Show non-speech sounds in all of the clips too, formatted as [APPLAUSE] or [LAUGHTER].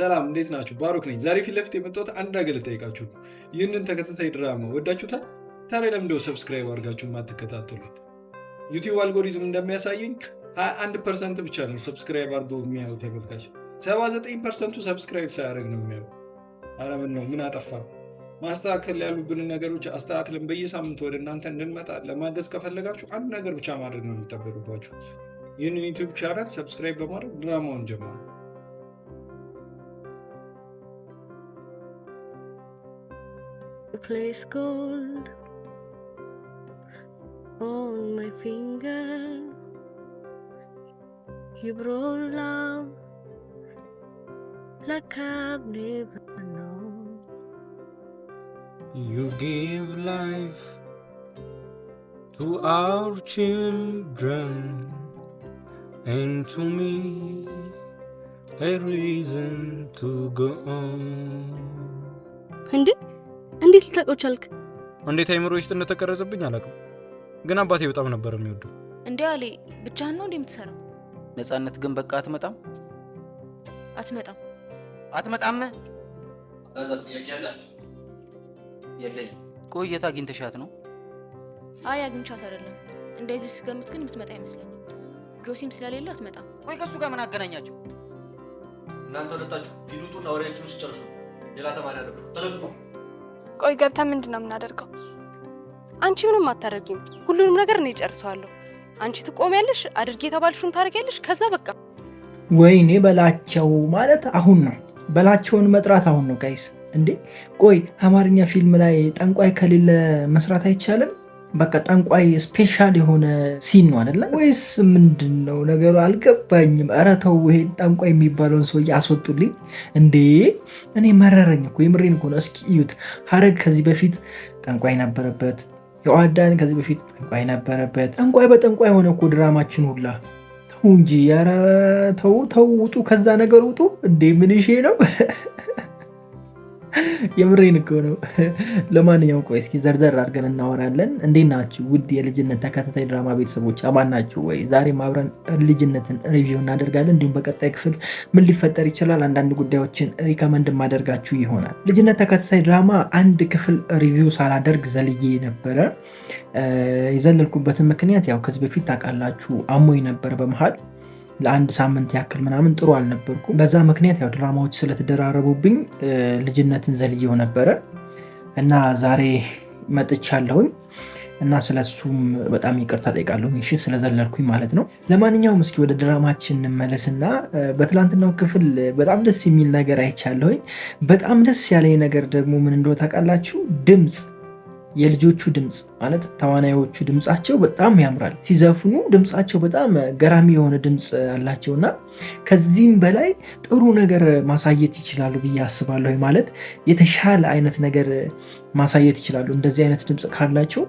ሰላም እንዴት ናችሁ? ባሩክ ነኝ። ዛሬ ፊት ለፊት የመጣሁት አንድ ነገር ልጠይቃችሁ ነው። ይህንን ተከታታይ ድራማ ወዳችሁታል? ታዲያ ለምንድነው ሰብስክራይብ አድርጋችሁ የማትከታተሉት ዩቲዩብ አልጎሪዝም እንደሚያሳየኝ 21 ፐርሰንት ብቻ ነው ሰብስክራይብ አድርገው የሚያዩ ተመልካች፣ 79 ፐርሰንቱ ሰብስክራይብ ሳያደርግ ነው የሚያዩ። ኧረ ምን ነው ምን አጠፋ? ማስተካከል ያሉብን ነገሮች አስተካክልን በየሳምንት ወደ እናንተ እንድንመጣ ለማገዝ ከፈለጋችሁ አንድ ነገር ብቻ ማድረግ ነው የሚጠበቅባችሁ። ይህንን ዩቲዩብ ቻናል ሰብስክራይብ በማድረግ ድራማውን ጀምራል። a place called on my finger. You brought love like I've never known. You gave life to our children and to me a reason to go on. And እንዴት ልታውቀው ቻልክ? እንዴት አይምሮ ውስጥ እንደተቀረጸብኝ አላውቅም፣ ግን አባቴ በጣም ነበር የሚወደው። እንዴ አሌ፣ ብቻህን ነው እንዴ የምትሰራው? ነፃነት ግን በቃ አትመጣም፣ አትመጣም፣ አትመጣም። የለኝ። ቆይ አግኝተሻት ነው? አይ አግኝቻት አይደለም። እንደዚህ ስገምት ግን የምትመጣ አይመስለኝም። ጆሲም ስለሌለ አትመጣም። ቆይ ከእሱ ጋር ምን አገናኛቸው? እናንተ ሁለታችሁ ሂዱጡና ወሬያችሁን ስጨርሱ ሌላ ተማሪ አለብን። ተነሱ። ቆይ ገብተን ምንድን ነው የምናደርገው? አንቺ ምንም አታደርጊም። ሁሉንም ነገር እኔ ጨርሰዋለሁ። አንቺ ትቆሚያለሽ፣ አድርጌ የተባልሽውን ታደርጊያለሽ። ከዛ በቃ ወይኔ በላቸው ማለት አሁን ነው በላቸውን መጥራት አሁን ነው ጋይስ። እንዴ ቆይ አማርኛ ፊልም ላይ ጠንቋይ ከሌለ መስራት አይቻልም? በቃ ጠንቋይ ስፔሻል የሆነ ሲን ነው አደለ? ወይስ ምንድን ነው ነገሩ? አልገባኝም። ኧረ ተው ይሄን ጠንቋይ የሚባለውን ሰውዬ አስወጡልኝ እንዴ! እኔ መረረኝ እኮ የምሬን ከሆነ እስኪ እዩት። ሀረግ ከዚህ በፊት ጠንቋይ ነበረበት። የዋዳን ከዚህ በፊት ጠንቋይ ነበረበት። ጠንቋይ በጠንቋይ የሆነ እኮ ድራማችን ሁላ ተው እንጂ ኧረ ተው ተው፣ ውጡ ከዛ ነገር ውጡ። እንዴ ምንሼ ነው የምሬን እኮ ነው። ለማንኛውም ቆይ እስኪ ዘርዘር አድርገን እናወራለን። እንዴት ናችሁ ውድ የልጅነት ተከታታይ ድራማ ቤተሰቦች አማን ናችሁ ወይ? ዛሬም አብረን ልጅነትን ሪቪው እናደርጋለን። እንዲሁም በቀጣይ ክፍል ምን ሊፈጠር ይችላል አንዳንድ ጉዳዮችን ሪከመንድ ማደርጋችሁ ይሆናል። ልጅነት ተከታታይ ድራማ አንድ ክፍል ሪቪው ሳላደርግ ዘልዬ ነበረ። የዘለልኩበትን ምክንያት ያው ከዚህ በፊት ታውቃላችሁ አሞኝ ነበር በመሀል ለአንድ ሳምንት ያክል ምናምን ጥሩ አልነበርኩ በዛ ምክንያት ያው ድራማዎች ስለተደራረቡብኝ ልጅነትን ዘልየው ነበረ እና ዛሬ መጥቻለሁኝ እና ስለሱም በጣም ይቅርታ ጠይቃለሁ። እሺ ስለዘለልኩኝ ማለት ነው። ለማንኛውም እስኪ ወደ ድራማችን እንመለስና በትላንትናው ክፍል በጣም ደስ የሚል ነገር አይቻለሁኝ። በጣም ደስ ያለኝ ነገር ደግሞ ምን እንደሆ ታውቃላችሁ? ድምፅ የልጆቹ ድምፅ ማለት ተዋናዮቹ ድምፃቸው በጣም ያምራል። ሲዘፍኑ ድምፃቸው በጣም ገራሚ የሆነ ድምፅ አላቸው እና ከዚህም በላይ ጥሩ ነገር ማሳየት ይችላሉ ብዬ አስባለሁ። ማለት የተሻለ አይነት ነገር ማሳየት ይችላሉ። እንደዚህ አይነት ድምፅ ካላቸው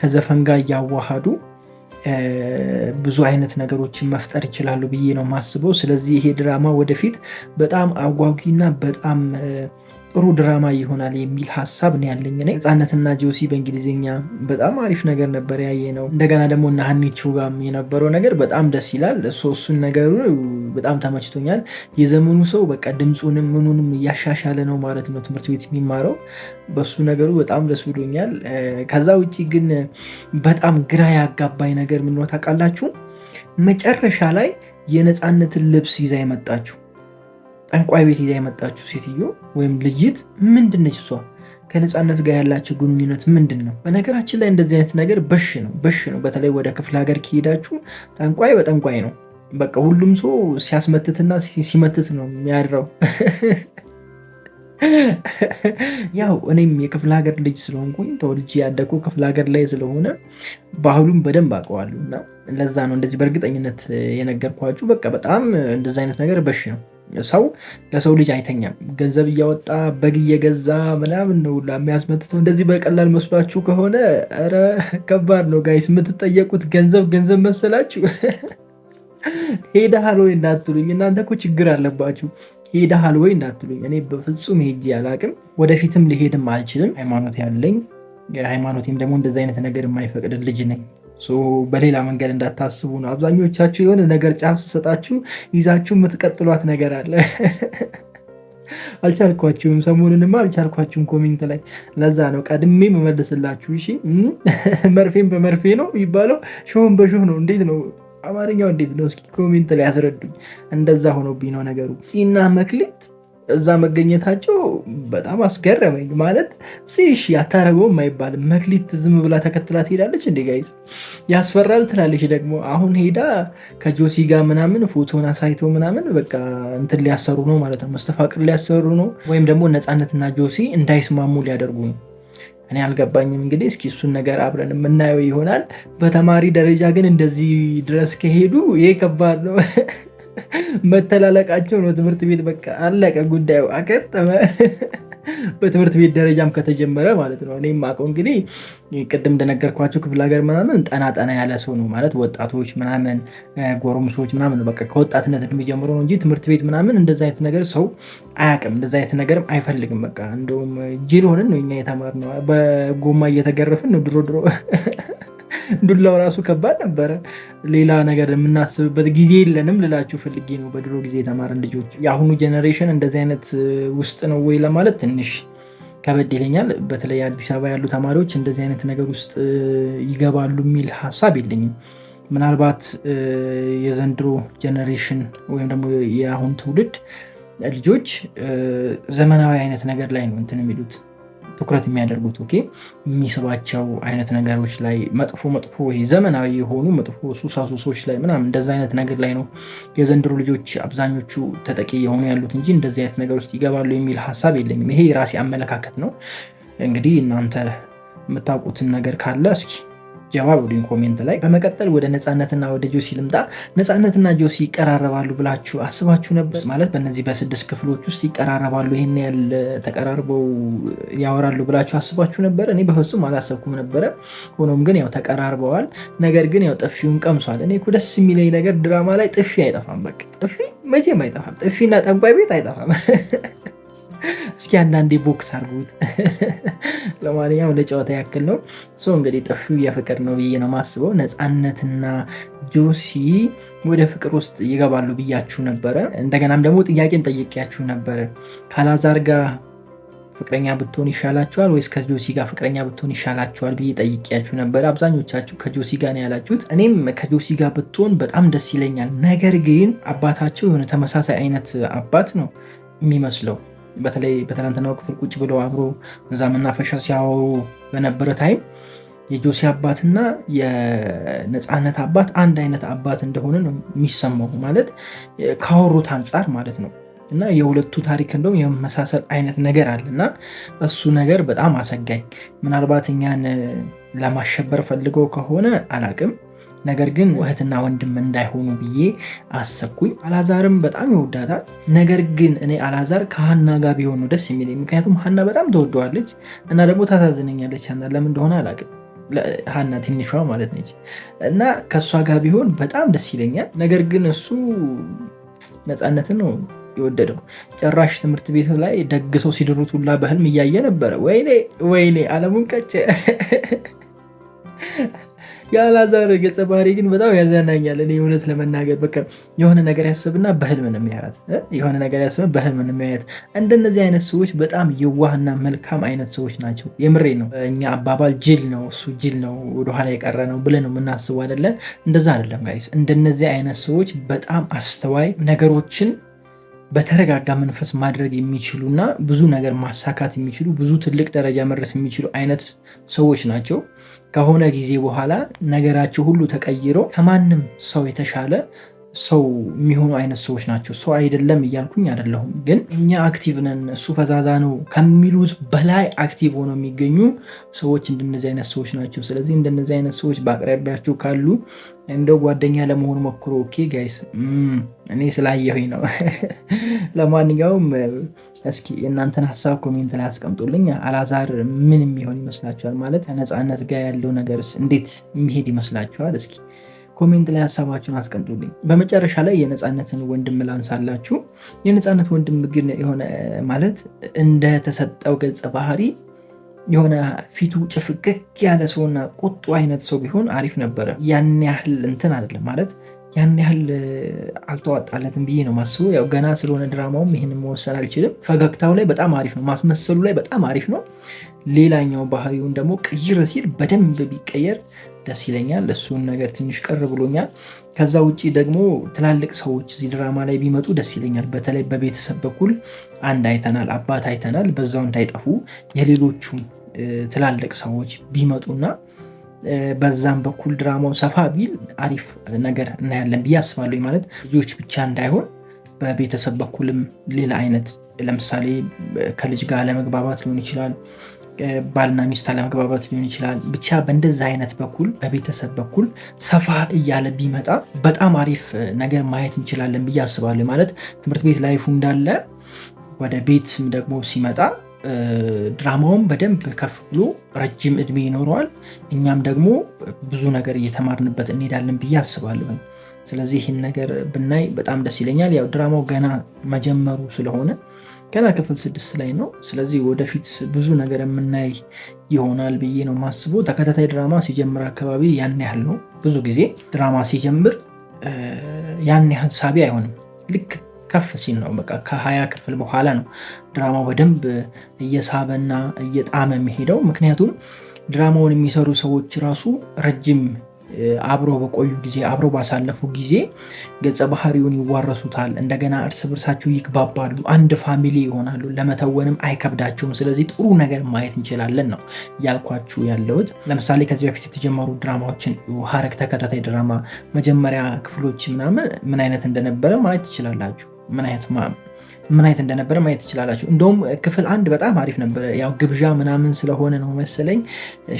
ከዘፈን ጋር እያዋሃዱ ብዙ አይነት ነገሮችን መፍጠር ይችላሉ ብዬ ነው የማስበው። ስለዚህ ይሄ ድራማ ወደፊት በጣም አጓጊ እና በጣም ጥሩ ድራማ ይሆናል የሚል ሀሳብ ነው ያለኝ። እኔ ህፃነትና ጆሲ በእንግሊዝኛ በጣም አሪፍ ነገር ነበር ያየ ነው። እንደገና ደግሞ እነ ሀኒቹ ጋም የነበረው ነገር በጣም ደስ ይላል። እሱ እሱን ነገሩ በጣም ተመችቶኛል። የዘመኑ ሰው በቃ ድምፁንም ምኑንም እያሻሻለ ነው ማለት ነው ትምህርት ቤት የሚማረው በሱ ነገሩ በጣም ደስ ብሎኛል። ከዛ ውጭ ግን በጣም ግራ ያጋባኝ ነገር ምን ታውቃላችሁ? መጨረሻ ላይ የነፃነትን ልብስ ይዛ የመጣችሁ ጠንቋይ ቤት ሄዳ የመጣችው ሴትዮ ወይም ልጅት ምንድነች እሷ? ከነፃነት ጋር ያላቸው ግንኙነት ምንድን ነው? በነገራችን ላይ እንደዚህ አይነት ነገር በሽ ነው በሽ ነው። በተለይ ወደ ክፍለ ሀገር ከሄዳችሁ ጠንቋይ በጠንቋይ ነው። በቃ ሁሉም ሰው ሲያስመትትና ሲመትት ነው የሚያድረው። [LAUGHS] ያው እኔም የክፍለ ሀገር ልጅ ስለሆንኩኝ ተወልጄ ያደኩ ክፍለ ሀገር ላይ ስለሆነ ባህሉን በደንብ አውቀዋለሁ እና ለዛ ነው እንደዚህ በእርግጠኝነት የነገርኳችሁ። በቃ በጣም እንደዚ አይነት ነገር በሽ ነው። ሰው ለሰው ልጅ አይተኛም። ገንዘብ እያወጣ በግ እየገዛ ምናምን ነው ሁላ የሚያስመትተው። እንደዚህ በቀላል መስሏችሁ ከሆነ ኧረ ከባድ ነው ጋይስ። የምትጠየቁት ገንዘብ ገንዘብ መሰላችሁ? ሄደሃል ወይ እንዳትሉኝ። እናንተ እኮ ችግር አለባችሁ። ሄደሃል ወይ እንዳትሉኝ። እኔ በፍጹም ሄጄ አላቅም። ወደፊትም ሊሄድም አልችልም። ሃይማኖት ያለኝ ሃይማኖቴም ደግሞ እንደዚህ አይነት ነገር የማይፈቅድ ልጅ ነኝ። በሌላ መንገድ እንዳታስቡ ነው። አብዛኞቻችሁ የሆነ ነገር ጫፍ ስሰጣችሁ ይዛችሁ የምትቀጥሏት ነገር አለ። [LAUGHS] አልቻልኳችሁም፣ ሰሞኑንማ አልቻልኳችሁም ኮሜንት ላይ። ለዛ ነው ቀድሜ መመልስላችሁ። እሺ [LAUGHS] መርፌም በመርፌ ነው የሚባለው፣ ሾህም በሾህ ነው። እንዴት ነው አማርኛው? እንዴት ነው? እስኪ ኮሜንት ላይ ያስረዱኝ። እንደዛ ሆኖብኝ ነው ነገሩ እና መክሊት እዛ መገኘታቸው በጣም አስገረመኝ። ማለት ሲሽ አታረገውም አይባልም። መክሊት ዝም ብላ ተከትላ ትሄዳለች። እንዴ? ጋይዝ ያስፈራል ትላለች። ደግሞ አሁን ሄዳ ከጆሲ ጋር ምናምን ፎቶን አሳይቶ ምናምን በቃ እንትን ሊያሰሩ ነው ማለት ነው፣ መስተፋቅር ሊያሰሩ ነው፣ ወይም ደግሞ ነፃነትና ጆሲ እንዳይስማሙ ሊያደርጉ ነው። እኔ አልገባኝም። እንግዲህ እስኪ እሱን ነገር አብረን የምናየው ይሆናል። በተማሪ ደረጃ ግን እንደዚህ ድረስ ከሄዱ ይሄ ከባድ ነው። [LAUGHS] መተላለቃቸው ነው። ትምህርት ቤት በቃ አለቀ ጉዳዩ አቀጠመ። በትምህርት ቤት ደረጃም ከተጀመረ ማለት ነው። እኔም አውቀው እንግዲህ ቅድም እንደነገርኳቸው ክፍለ ሀገር ምናምን ጠና ጠና ያለ ሰው ነው ማለት ወጣቶች ምናምን ጎረምሶች ምናምን በቃ ከወጣትነት እድሜ ጀምሮ ነው እንጂ ትምህርት ቤት ምናምን እንደዛ አይነት ነገር ሰው አያውቅም። እንደዛ አይነት ነገርም አይፈልግም። በቃ እንደውም ጅል ሆንን ነው እኛ የተማርነው። በጎማ እየተገረፍን ነው ድሮ ድሮ ዱላው ራሱ ከባድ ነበረ። ሌላ ነገር የምናስብበት ጊዜ የለንም ልላችሁ ፈልጌ ነው። በድሮ ጊዜ የተማረን ልጆች፣ የአሁኑ ጀኔሬሽን እንደዚህ አይነት ውስጥ ነው ወይ ለማለት ትንሽ ከበድ ይለኛል። በተለይ አዲስ አበባ ያሉ ተማሪዎች እንደዚህ አይነት ነገር ውስጥ ይገባሉ የሚል ሀሳብ የለኝም። ምናልባት የዘንድሮ ጀኔሬሽን ወይም ደግሞ የአሁን ትውልድ ልጆች ዘመናዊ አይነት ነገር ላይ ነው እንትን የሚሉት ትኩረት የሚያደርጉት ኦኬ የሚስባቸው አይነት ነገሮች ላይ መጥፎ መጥፎ ዘመናዊ የሆኑ መጥፎ ሱሳሱሶች ላይ ምናምን እንደዚ አይነት ነገር ላይ ነው የዘንድሮ ልጆች አብዛኞቹ ተጠቂ የሆኑ ያሉት እንጂ እንደዚህ አይነት ነገር ውስጥ ይገባሉ የሚል ሀሳብ የለኝም። ይሄ የራሴ አመለካከት ነው። እንግዲህ እናንተ የምታውቁትን ነገር ካለ እስኪ ጀባ በሉኝ ኮሜንት ላይ። በመቀጠል ወደ ነፃነትና ወደ ጆሲ ልምጣ። ነፃነትና ጆሲ ይቀራረባሉ ብላችሁ አስባችሁ ነበር? ማለት በእነዚህ በስድስት ክፍሎች ውስጥ ይቀራረባሉ፣ ይህን ያህል ተቀራርበው ያወራሉ ብላችሁ አስባችሁ ነበር? እኔ በፍጹም አላሰብኩም ነበረ። ሆኖም ግን ያው ተቀራርበዋል። ነገር ግን ያው ጥፊውን ቀምሷል። እኔ እኮ ደስ የሚለኝ ነገር ድራማ ላይ ጥፊ አይጠፋም። በቃ ጥፊ መቼም አይጠፋም። ጥፊና ጠንቋይ ቤት አይጠፋም። [LAUGHS] እስኪ አንዳንዴ ቦክስ አድርጉት። ለማንኛውም ለጨዋታ ያክል ነው። ሶ እንግዲህ ጥፊው የፍቅር ነው ብዬ ነው ማስበው። ነፃነትና ጆሲ ወደ ፍቅር ውስጥ ይገባሉ ብያችሁ ነበረ። እንደገናም ደግሞ ጥያቄን ጠይቄያችሁ ነበረ ካላዛር ጋር ፍቅረኛ ብትሆን ይሻላችኋል ወይስ ከጆሲ ጋር ፍቅረኛ ብትሆን ይሻላችኋል ብዬ ጠይቄያችሁ ነበር። አብዛኞቻችሁ ከጆሲ ጋር ነው ያላችሁት። እኔም ከጆሲ ጋር ብትሆን በጣም ደስ ይለኛል። ነገር ግን አባታቸው የሆነ ተመሳሳይ አይነት አባት ነው የሚመስለው በተለይ በትናንትናው ክፍል ቁጭ ብለው አብሮ እዛ መናፈሻ ሲያወሩ በነበረ ታይም የጆሴ አባትና የነፃነት አባት አንድ አይነት አባት እንደሆነ ነው የሚሰማው። ማለት ካወሩት አንጻር ማለት ነው። እና የሁለቱ ታሪክ እንደውም የመሳሰል አይነት ነገር አለ እና እሱ ነገር በጣም አሰጋኝ። ምናልባት እኛን ለማሸበር ፈልገው ከሆነ አላቅም ነገር ግን እህትና ወንድም እንዳይሆኑ ብዬ አሰብኩኝ። አላዛርም በጣም ይወዳታል። ነገር ግን እኔ አላዛር ከሀና ጋር ቢሆን ነው ደስ የሚለኝ። ምክንያቱም ሀና በጣም ተወደዋለች እና ደግሞ ታሳዝነኛለች። ና ለምን እንደሆነ አላውቅም። ሀና ትንሿ ማለት ነች እና ከእሷ ጋር ቢሆን በጣም ደስ ይለኛል። ነገር ግን እሱ ነፃነትን ነው የወደደው ጭራሽ ትምህርት ቤት ላይ ደግሰው ሲድሩት ሁላ በህልም እያየ ነበረ። ወይኔ ወይኔ አለሙን ቀጭ የአላዛር ገጸ ባህሪ ግን በጣም ያዘናኛል። እኔ እውነት ለመናገር በቃ የሆነ ነገር ያስብና በህልም ነው የሚያያት፣ የሆነ ነገር ያስብ በህልም ነው የሚያያት። እንደነዚህ አይነት ሰዎች በጣም የዋህና መልካም አይነት ሰዎች ናቸው። የምሬ ነው። እኛ አባባል ጅል ነው እሱ ጅል ነው ወደኋላ የቀረ ነው ብለን የምናስቡ አይደለን። እንደዛ አይደለም ጋይስ። እንደነዚህ አይነት ሰዎች በጣም አስተዋይ ነገሮችን በተረጋጋ መንፈስ ማድረግ የሚችሉእና ብዙ ነገር ማሳካት የሚችሉ ብዙ ትልቅ ደረጃ መድረስ የሚችሉ አይነት ሰዎች ናቸው። ከሆነ ጊዜ በኋላ ነገራቸው ሁሉ ተቀይሮ ከማንም ሰው የተሻለ ሰው የሚሆኑ አይነት ሰዎች ናቸው። ሰው አይደለም እያልኩኝ አይደለሁም፣ ግን እኛ አክቲቭ ነን እሱ ፈዛዛ ነው ከሚሉት በላይ አክቲቭ ሆነው የሚገኙ ሰዎች እንደነዚህ አይነት ሰዎች ናቸው። ስለዚህ እንደነዚህ አይነት ሰዎች በአቅራቢያችሁ ካሉ እንደው ጓደኛ ለመሆን ሞክሮ። ኦኬ ጋይስ፣ እኔ ስላየሁኝ ነው። [LAUGHS] ለማንኛውም እስኪ እናንተን ሀሳብ ኮሜንት ላይ አስቀምጡልኝ። አላዛር ምን የሚሆን ይመስላችኋል? ማለት ከነፃነት ጋር ያለው ነገርስ እንዴት የሚሄድ ይመስላችኋል? እስኪ ኮሜንት ላይ ሀሳባችሁን አስቀምጡልኝ። በመጨረሻ ላይ የነፃነትን ወንድም ላንሳላችሁ። የነፃነት ወንድም ግን የሆነ ማለት እንደተሰጠው ገጸ ባህሪ የሆነ ፊቱ ጭፍገግ ያለ ሰውና ቁጡ አይነት ሰው ቢሆን አሪፍ ነበረ። ያን ያህል እንትን አይደለም ማለት ያን ያህል አልተዋጣለትም ብዬ ነው ማስቡ። ያው ገና ስለሆነ ድራማውም ይህን መወሰን አልችልም። ፈገግታው ላይ በጣም አሪፍ ነው፣ ማስመሰሉ ላይ በጣም አሪፍ ነው። ሌላኛው ባህሪውን ደግሞ ቅይር ሲል በደንብ ቢቀየር ደስ ይለኛል። እሱን ነገር ትንሽ ቀር ብሎኛል። ከዛ ውጭ ደግሞ ትላልቅ ሰዎች እዚህ ድራማ ላይ ቢመጡ ደስ ይለኛል። በተለይ በቤተሰብ በኩል አንድ አይተናል፣ አባት አይተናል። በዛው እንዳይጠፉ የሌሎቹም ትላልቅ ሰዎች ቢመጡና በዛም በኩል ድራማው ሰፋ ቢል አሪፍ ነገር እናያለን ብዬ አስባለሁ። ማለት ልጆች ብቻ እንዳይሆን በቤተሰብ በኩልም ሌላ አይነት ለምሳሌ ከልጅ ጋር ለመግባባት ሊሆን ይችላል፣ ባልና ሚስት ለመግባባት ሊሆን ይችላል። ብቻ በእንደዛ አይነት በኩል በቤተሰብ በኩል ሰፋ እያለ ቢመጣ በጣም አሪፍ ነገር ማየት እንችላለን ብዬ አስባለሁ። ማለት ትምህርት ቤት ላይፉ እንዳለ ወደ ቤት ደግሞ ሲመጣ ድራማውን በደንብ ከፍ ብሎ ረጅም እድሜ ይኖረዋል። እኛም ደግሞ ብዙ ነገር እየተማርንበት እንሄዳለን ብዬ አስባለሁ። ስለዚህ ይህን ነገር ብናይ በጣም ደስ ይለኛል። ያው ድራማው ገና መጀመሩ ስለሆነ ገና ክፍል ስድስት ላይ ነው። ስለዚህ ወደፊት ብዙ ነገር የምናይ ይሆናል ብዬ ነው የማስበው። ተከታታይ ድራማ ሲጀምር አካባቢ ያን ያህል ነው። ብዙ ጊዜ ድራማ ሲጀምር ያን ያህል ሳቢ አይሆንም ልክ ከፍ ሲል ነው። በቃ ከሀያ ክፍል በኋላ ነው ድራማው በደንብ እየሳበና እየጣመ የሚሄደው። ምክንያቱም ድራማውን የሚሰሩ ሰዎች ራሱ ረጅም አብረው በቆዩ ጊዜ አብረው ባሳለፉ ጊዜ ገጸ ባህሪውን ይዋረሱታል። እንደገና እርስ በርሳቸው ይግባባሉ፣ አንድ ፋሚሊ ይሆናሉ። ለመተወንም አይከብዳቸውም። ስለዚህ ጥሩ ነገር ማየት እንችላለን ነው ያልኳችሁ ያለሁት። ለምሳሌ ከዚህ በፊት የተጀመሩ ድራማዎችን ሀረግ ተከታታይ ድራማ መጀመሪያ ክፍሎች ምናምን ምን አይነት እንደነበረ ማየት ትችላላችሁ። ምን አይነት ምን አይነት እንደነበረ ማየት ትችላላችሁ። እንደውም ክፍል አንድ በጣም አሪፍ ነበረ። ያው ግብዣ ምናምን ስለሆነ ነው መሰለኝ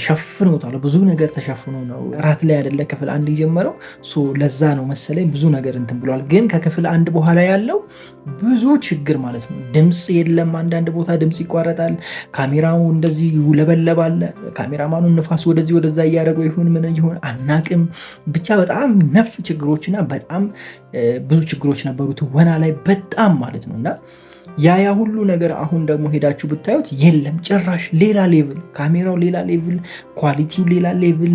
ሸፍኖታል። ብዙ ነገር ተሸፍኖ ነው ራት ላይ አይደለ ክፍል አንድ የጀመረው። ለዛ ነው መሰለኝ ብዙ ነገር እንትን ብሏል። ግን ከክፍል አንድ በኋላ ያለው ብዙ ችግር ማለት ነው። ድምፅ የለም፣ አንዳንድ ቦታ ድምፅ ይቋረጣል። ካሜራው እንደዚህ ይውለበለባል። ካሜራማኑ ንፋስ ወደዚህ ወደዛ እያደረገው ይሁን ምን ይሁን አናቅም። ብቻ በጣም ነፍ ችግሮችና በጣም ብዙ ችግሮች ነበሩ ትወና ላይ በጣም ማለት ነው እና ይላል። ያ ያ ሁሉ ነገር አሁን ደግሞ ሄዳችሁ ብታዩት የለም፣ ጭራሽ ሌላ ሌቭል፣ ካሜራው ሌላ ሌቭል፣ ኳሊቲው ሌላ ሌቭል፣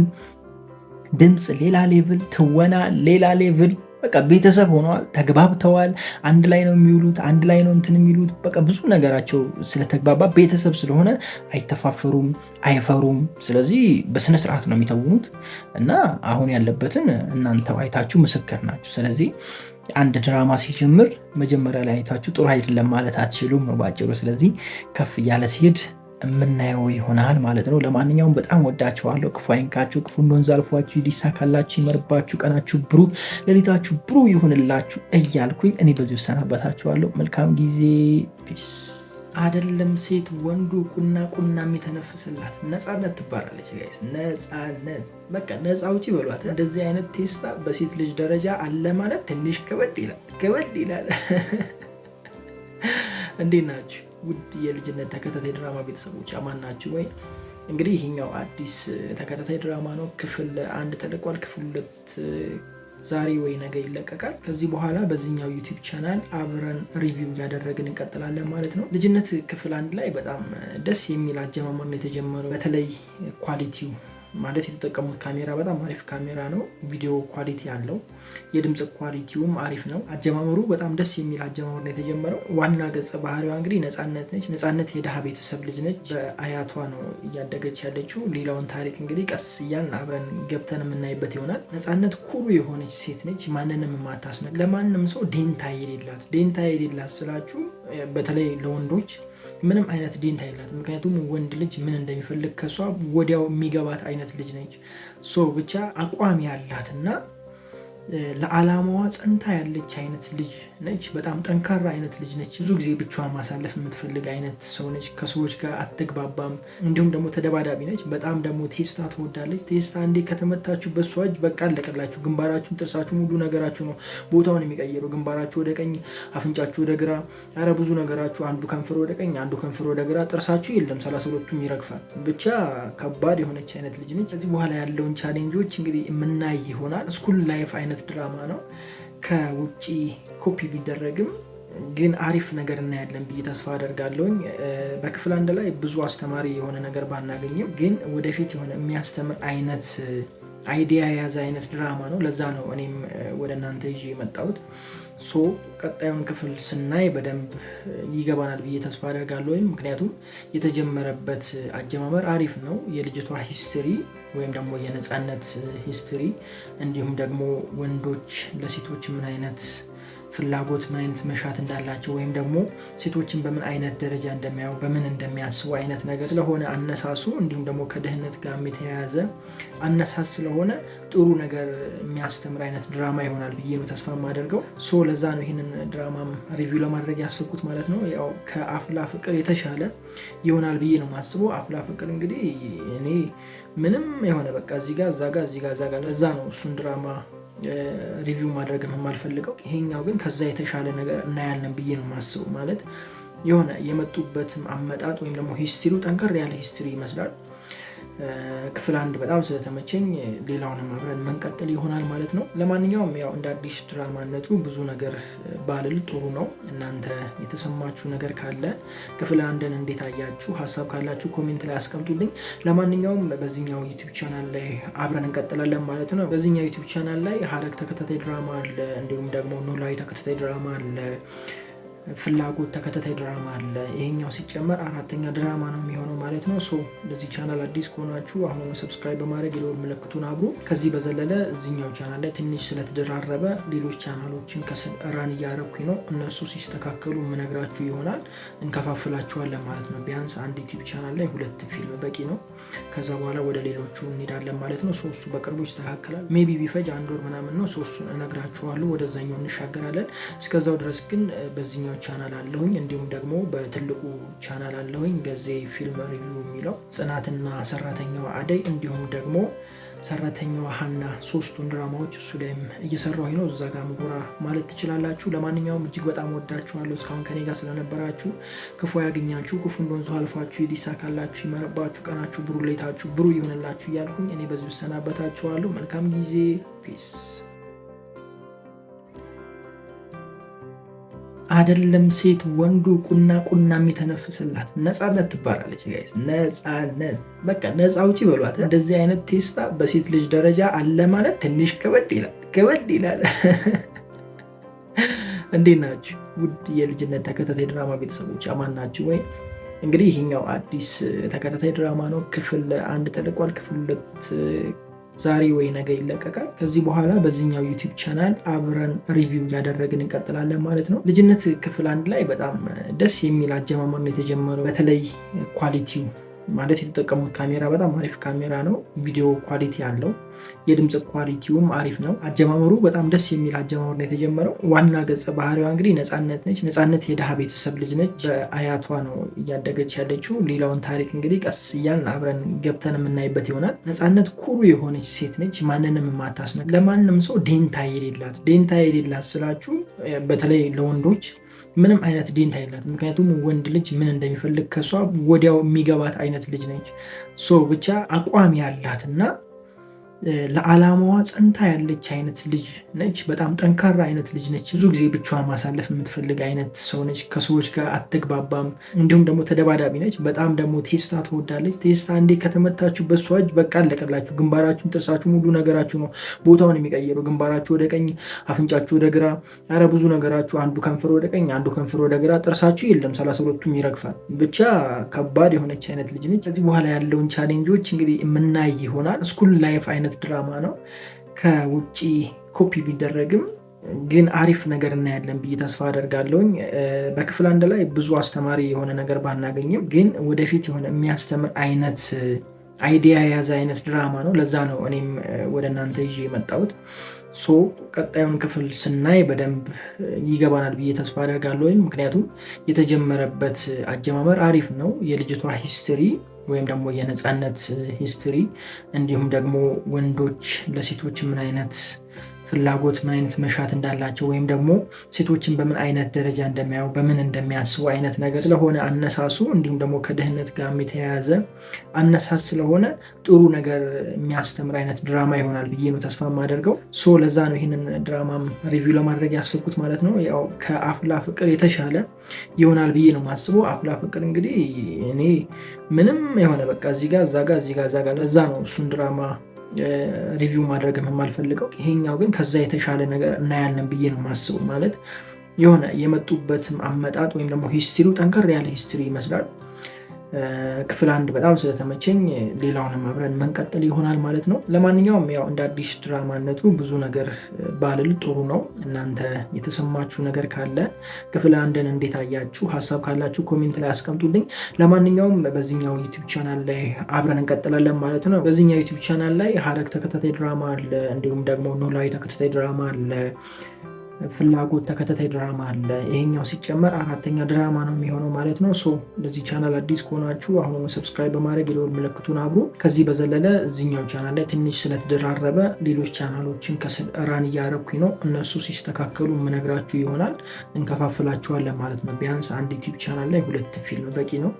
ድምፅ ሌላ ሌቭል፣ ትወና ሌላ ሌቭል። በቃ ቤተሰብ ሆነዋል፣ ተግባብተዋል። አንድ ላይ ነው የሚውሉት፣ አንድ ላይ ነው እንትን የሚሉት። በቃ ብዙ ነገራቸው ስለተግባባ ቤተሰብ ስለሆነ አይተፋፈሩም፣ አይፈሩም። ስለዚህ በስነስርዓት ነው የሚተውኑት እና አሁን ያለበትን እናንተ አይታችሁ ምስክር ናችሁ። ስለዚህ አንድ ድራማ ሲጀምር መጀመሪያ ላይ አይታችሁ ጥሩ አይደለም ማለት አትችሉም ነው ባጭሩ። ስለዚህ ከፍ እያለ ሲሄድ የምናየው ይሆናል ማለት ነው። ለማንኛውም በጣም ወዳችኋለሁ። ክፉ አይንካችሁ፣ ክፉ እንደወንዝ አልፏችሁ፣ ሊሳካላችሁ፣ ይመርባችሁ፣ ቀናችሁ ብሩ ሌሊታችሁ ብሩ ይሁንላችሁ እያልኩኝ እኔ በዚሁ እሰናበታችኋለሁ። መልካም ጊዜ። ፒስ አደለም ሴት ወንዱ ቁና ቁና የሚተነፍስላት ነፃነት ትባላለች። ጋይስ ነፃነት በቃ ነፃ ውጪ በሏት። እንደዚህ አይነት ቴስታ በሴት ልጅ ደረጃ አለ ማለት ትንሽ ከበድ ይላል፣ ከበድ ይላል። [LAUGHS] እንዴት ናችሁ ውድ የልጅነት ተከታታይ ድራማ ቤተሰቦች አማን ናችሁ ወይ? እንግዲህ ይህኛው አዲስ ተከታታይ ድራማ ነው። ክፍል አንድ ተለቋል። ክፍል ሁለት ዛሬ ወይ ነገ ይለቀቃል። ከዚህ በኋላ በዚህኛው ዩቲዩብ ቻናል አብረን ሪቪው እያደረግን እንቀጥላለን ማለት ነው። ልጅነት ክፍል አንድ ላይ በጣም ደስ የሚል አጀማመር ነው የተጀመረው። በተለይ ኳሊቲው ማለት የተጠቀሙት ካሜራ በጣም አሪፍ ካሜራ ነው። ቪዲዮ ኳሊቲ አለው የድምፅ ኳሊቲውም አሪፍ ነው። አጀማመሩ በጣም ደስ የሚል አጀማመር ነው የተጀመረው። ዋና ገጸ ባህሪዋ እንግዲህ ነፃነት ነች። ነፃነት የድሃ ቤተሰብ ልጅ ነች። በአያቷ ነው እያደገች ያለችው። ሌላውን ታሪክ እንግዲህ ቀስ እያልን አብረን ገብተን የምናይበት ይሆናል። ነፃነት ኩሩ የሆነች ሴት ነች። ማንንም የማታስነ ለማንም ሰው ዴንታ የሌላት ዴንታ የሌላት ስላችሁ በተለይ ለወንዶች ምንም አይነት ዴንታ የላት። ምክንያቱም ወንድ ልጅ ምን እንደሚፈልግ ከሷ ወዲያው የሚገባት አይነት ልጅ ነች። ሶ ብቻ አቋም ያላትና ለዓላማዋ ጸንታ ያለች አይነት ልጅ ነች። በጣም ጠንካራ አይነት ልጅ ነች። ብዙ ጊዜ ብቻዋን ማሳለፍ የምትፈልግ አይነት ሰው ነች። ከሰዎች ጋር አትግባባም። እንዲሁም ደግሞ ተደባዳቢ ነች። በጣም ደግሞ ቴስታ ትወዳለች። ቴስታ እንዴ ከተመታችሁ በሷ እጅ በቃ አለቀላችሁ። ግንባራችሁን፣ ጥርሳችሁ፣ ሙሉ ነገራችሁ ነው ቦታውን የሚቀይሩ። ግንባራችሁ ወደ ቀኝ፣ አፍንጫችሁ ወደ ግራ፣ ኧረ ብዙ ነገራችሁ። አንዱ ከንፈር ወደ ቀኝ፣ አንዱ ከንፈር ወደ ግራ፣ ጥርሳችሁ የለም ሰላሳ ሁለቱም ይረግፋል። ብቻ ከባድ የሆነች አይነት ልጅ ነች። ከዚህ በኋላ ያለውን ቻሌንጆች እንግዲህ የምናይ ይሆናል። ስኩል ላይፍ አይነት አይነት ድራማ ነው። ከውጭ ኮፒ ቢደረግም ግን አሪፍ ነገር እናያለን ብዬ ተስፋ አደርጋለውኝ በክፍል አንድ ላይ ብዙ አስተማሪ የሆነ ነገር ባናገኝም ግን ወደፊት የሆነ የሚያስተምር አይነት አይዲያ የያዘ አይነት ድራማ ነው። ለዛ ነው እኔም ወደ እናንተ ይዤ የመጣሁት። ሶ ቀጣዩን ክፍል ስናይ በደንብ ይገባናል ብዬ ተስፋ አደርጋለሁ። ወይም ምክንያቱም የተጀመረበት አጀማመር አሪፍ ነው። የልጅቷ ሂስትሪ ወይም ደግሞ የነፃነት ሂስትሪ እንዲሁም ደግሞ ወንዶች ለሴቶች ምን አይነት ፍላጎት፣ ምን አይነት መሻት እንዳላቸው ወይም ደግሞ ሴቶችን በምን አይነት ደረጃ እንደሚያዩ በምን እንደሚያስቡ አይነት ነገር ስለሆነ አነሳሱ፣ እንዲሁም ደግሞ ከድህነት ጋር የተያያዘ አነሳስ ስለሆነ ጥሩ ነገር የሚያስተምር አይነት ድራማ ይሆናል ብዬ ነው ተስፋ የማደርገው። ሶ ለዛ ነው ይህንን ድራማም ሪቪው ለማድረግ ያስብኩት ማለት ነው። ያው ከአፍላ ፍቅር የተሻለ ይሆናል ብዬ ነው የማስበው። አፍላ ፍቅር እንግዲህ እኔ ምንም የሆነ በቃ እዚጋ እዛጋ እዚጋ እዛጋ እዛ ነው እሱን ድራማ ሪቪው ማድረግ የማልፈልገው። ይሄኛው ግን ከዛ የተሻለ ነገር እናያለን ብዬ ነው የማስበው። ማለት የሆነ የመጡበትም አመጣጥ ወይም ደግሞ ሂስትሪው ጠንከር ያለ ሂስትሪ ይመስላል። ክፍል አንድ በጣም ስለተመቸኝ ሌላውንም አብረን መንቀጥል ይሆናል ማለት ነው። ለማንኛውም ያው እንደ አዲስ ድራማነቱ ብዙ ነገር ባልል ጥሩ ነው። እናንተ የተሰማችሁ ነገር ካለ ክፍል አንድን እንዴት አያችሁ? ሀሳብ ካላችሁ ኮሜንት ላይ አስቀምጡልኝ። ለማንኛውም በዚህኛው ዩቲዩብ ቻናል ላይ አብረን እንቀጥላለን ማለት ነው። በዚህኛው ዩቲዩብ ቻናል ላይ ሀረግ ተከታታይ ድራማ አለ፣ እንዲሁም ደግሞ ኖላዊ ተከታታይ ድራማ አለ ፍላጎት ተከታታይ ድራማ አለ። ይሄኛው ሲጨመር አራተኛ ድራማ ነው የሚሆነው ማለት ነው። ሶ ለዚህ ቻናል አዲስ ከሆናችሁ አሁን ሰብስክራይብ በማድረግ የደወል ምልክቱን አብሮ። ከዚህ በዘለለ እዚኛው ቻናል ላይ ትንሽ ስለተደራረበ ሌሎች ቻናሎችን ከስራን እያረኩኝ ነው። እነሱ ሲስተካከሉ የምነግራችሁ ይሆናል። እንከፋፍላችኋለን ማለት ነው። ቢያንስ አንድ ዩቲዩብ ቻናል ላይ ሁለት ፊልም በቂ ነው። ከዛ በኋላ ወደ ሌሎቹ እንሄዳለን ማለት ነው። ሶሱ በቅርቡ ይስተካከላል። ሜቢ ቢፈጅ አንድ ወር ምናምን ነው። ሶሱን እነግራችኋለሁ። ወደዛኛው እንሻገራለን። እስከዛው ድረስ ግን በዚኛው ቻናል አለሁኝ። እንዲሁም ደግሞ በትልቁ ቻናል አለሁኝ ገዜ ፊልም ሪቪው የሚለው ጽናትና ሰራተኛዋ አደይ እንዲሁም ደግሞ ሰራተኛዋ ሀና ሶስቱን ድራማዎች እሱ ላይም እየሰራሁኝ ነው። እዛ ጋ ምጎራ ማለት ትችላላችሁ። ለማንኛውም እጅግ በጣም ወዳችኋለሁ። እስካሁን ከኔ ጋር ስለነበራችሁ ክፉ ያገኛችሁ፣ ክፉ እንደወንዙ አልፋችሁ፣ ይዲሳካላችሁ፣ ይመረባችሁ፣ ቀናችሁ ብሩ፣ ሌታችሁ ብሩ ይሆንላችሁ እያልኩኝ እኔ በዚህ እሰናበታችኋለሁ። መልካም ጊዜ። ፒስ አደለም ሴት ወንዱ ቁና ቁና የሚተነፍስላት ነፃነት ትባላለች። ጋይስ ነፃነት በቃ ነፃ ውጪ በሏት። እንደዚህ አይነት ቴስታ በሴት ልጅ ደረጃ አለ ማለት ትንሽ ከበድ ይላል፣ ከበድ ይላል። [LAUGHS] እንዴት ናችሁ ውድ የልጅነት ተከታታይ ድራማ ቤተሰቦች አማን ናችሁ ወይ? እንግዲህ ይህኛው አዲስ ተከታታይ ድራማ ነው። ክፍል አንድ ተለቋል። ክፍል ሁለት ዛሬ ወይ ነገ ይለቀቃል። ከዚህ በኋላ በዚህኛው ዩቲዩብ ቻናል አብረን ሪቪው እያደረግን እንቀጥላለን ማለት ነው። ልጅነት ክፍል አንድ ላይ በጣም ደስ የሚል አጀማመር ነው የተጀመረው። በተለይ ኳሊቲው ማለት የተጠቀሙት ካሜራ በጣም አሪፍ ካሜራ ነው። ቪዲዮ ኳሊቲ አለው። የድምፅ ኳሊቲውም አሪፍ ነው። አጀማመሩ በጣም ደስ የሚል አጀማመር ነው የተጀመረው። ዋና ገጸ ባህሪዋ እንግዲህ ነፃነት ነች። ነፃነት የድሃ ቤተሰብ ልጅ ነች። በአያቷ ነው እያደገች ያለችው። ሌላውን ታሪክ እንግዲህ ቀስ እያልን አብረን ገብተን የምናይበት ይሆናል። ነፃነት ኩሩ የሆነች ሴት ነች። ማንንም የማታስነ ለማንም ሰው ዴንታ የሌላት ዴንታ የሌላት ስላችሁ በተለይ ለወንዶች ምንም አይነት ዴንታ የላትም። ምክንያቱም ወንድ ልጅ ምን እንደሚፈልግ ከሷ ወዲያው የሚገባት አይነት ልጅ ነች። ሶ ብቻ አቋም ያላትና ለዓላማዋ ጸንታ ያለች አይነት ልጅ ነች። በጣም ጠንካራ አይነት ልጅ ነች። ብዙ ጊዜ ብቻዋን ማሳለፍ የምትፈልግ አይነት ሰው ነች። ከሰዎች ጋር አትግባባም። እንዲሁም ደግሞ ተደባዳቢ ነች። በጣም ደግሞ ቴስታ ትወዳለች። ቴስታ እንዴ ከተመታችሁ በሷ እጅ በቃ አለቀላችሁ። ግንባራችሁን፣ ጥርሳችሁ፣ ሙሉ ነገራችሁ ነው ቦታውን የሚቀይረው። ግንባራችሁ ወደ ቀኝ፣ አፍንጫችሁ ወደ ግራ፣ ኧረ ብዙ ነገራችሁ። አንዱ ከንፈር ወደ ቀኝ፣ አንዱ ከንፈር ወደ ግራ። ጥርሳችሁ የለም ሰላሳ ሁለቱም ይረግፋል። ብቻ ከባድ የሆነች አይነት ልጅ ነች። ከዚህ በኋላ ያለውን ቻሌንጆች እንግዲህ የምናይ ይሆናል። ስኩል ላይፍ አይነት አይነት ድራማ ነው። ከውጭ ኮፒ ቢደረግም ግን አሪፍ ነገር እናያለን ብዬ ተስፋ አደርጋለሁኝ። በክፍል አንድ ላይ ብዙ አስተማሪ የሆነ ነገር ባናገኝም ግን ወደፊት የሆነ የሚያስተምር አይነት አይዲያ የያዘ አይነት ድራማ ነው። ለዛ ነው እኔም ወደ እናንተ ይዤ የመጣሁት። ሶ ቀጣዩን ክፍል ስናይ በደንብ ይገባናል ብዬ ተስፋ አደርጋለሁ። ምክንያቱም የተጀመረበት አጀማመር አሪፍ ነው። የልጅቷ ሂስትሪ ወይም ደግሞ የነፃነት ሂስትሪ እንዲሁም ደግሞ ወንዶች ለሴቶች ምን አይነት ፍላጎት፣ ምን አይነት መሻት እንዳላቸው ወይም ደግሞ ሴቶችን በምን አይነት ደረጃ እንደሚያዩ በምን እንደሚያስቡ አይነት ነገር ስለሆነ አነሳሱ እንዲሁም ደግሞ ከድህነት ጋር የተያያዘ አነሳስ ስለሆነ ጥሩ ነገር የሚያስተምር አይነት ድራማ ይሆናል ብዬ ነው ተስፋ የማደርገው። ሶ ለዛ ነው ይህንን ድራማም ሪቪው ለማድረግ ያስብኩት ማለት ነው። ያው ከአፍላ ፍቅር የተሻለ ይሆናል ብዬ ነው የማስበው። አፍላ ፍቅር እንግዲህ እኔ ምንም የሆነ በቃ እዚጋ እዛጋ እዚጋ እዛጋ ለዛ ነው እሱን ድራማ ሪቪው ማድረግ የማልፈልገው ይሄኛው ግን ከዛ የተሻለ ነገር እናያለን ብዬ ነው ማስበው። ማለት የሆነ የመጡበትም አመጣጥ ወይም ደግሞ ሂስትሪው ጠንከር ያለ ሂስትሪ ይመስላል። ክፍል አንድ በጣም ስለተመቸኝ ሌላውንም አብረን መንቀጠል ይሆናል ማለት ነው። ለማንኛውም ያው እንደ አዲስ ድራማነቱ ብዙ ነገር ባልል ጥሩ ነው። እናንተ የተሰማችሁ ነገር ካለ ክፍል አንድን እንዴት አያችሁ? ሀሳብ ካላችሁ ኮሜንት ላይ አስቀምጡልኝ። ለማንኛውም በዚህኛው ዩቲዩብ ቻናል ላይ አብረን እንቀጥላለን ማለት ነው። በዚህኛው ዩቲዩብ ቻናል ላይ ሀረግ ተከታታይ ድራማ አለ፣ እንዲሁም ደግሞ ኖላዊ ተከታታይ ድራማ አለ ፍላጎት ተከታታይ ድራማ አለ። ይሄኛው ሲጨመር አራተኛ ድራማ ነው የሚሆነው ማለት ነው። ሶ ለዚህ ቻናል አዲስ ከሆናችሁ አሁኑ ሰብስክራይብ በማድረግ የደወል ምልክቱን አብሮ። ከዚህ በዘለለ እዚኛው ቻናል ላይ ትንሽ ስለተደራረበ ሌሎች ቻናሎችን ከስራን እያረኩኝ ነው። እነሱ ሲስተካከሉ የምነግራችሁ ይሆናል። እንከፋፍላችኋለን ማለት ነው። ቢያንስ አንድ ዩቲዩብ ቻናል ላይ ሁለት ፊልም በቂ ነው።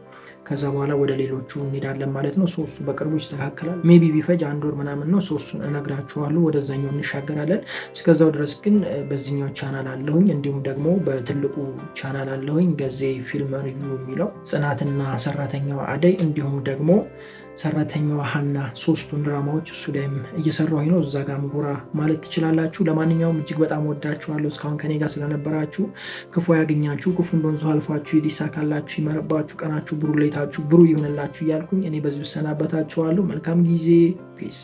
ከዛ በኋላ ወደ ሌሎቹ እንሄዳለን ማለት ነው። ሶሱ በቅርቡ ይስተካከላል። ሜቢ ቢፈጅ አንድ ወር ምናምን ነው። ሶሱ እነግራችኋለሁ። ወደዛኛው እንሻገራለን። እስከዛው ድረስ ግን በዚኛው ቻናል አለሁኝ፣ እንዲሁም ደግሞ በትልቁ ቻናል አለሁኝ ገዜ ፊልም ሪቪው የሚለው ጽናትና ሰራተኛው አደይ እንዲሁም ደግሞ ሰራተኛዋ ሀና ሶስቱን ድራማዎች እሱ ላይም እየሰራሁኝ ነው። እዛ ጋም ጎራ ማለት ትችላላችሁ። ለማንኛውም እጅግ በጣም ወዳችኋለሁ። እስካሁን ከኔ ጋር ስለነበራችሁ ክፉ ያገኛችሁ፣ ክፉ እንደወንዙ አልፏችሁ፣ ይዲሳካላችሁ፣ ይመረባችሁ፣ ቀናችሁ ብሩ፣ ሌታችሁ ብሩ ይሆንላችሁ እያልኩኝ እኔ በዚህ እሰናበታችኋለሁ። መልካም ጊዜ። ፒስ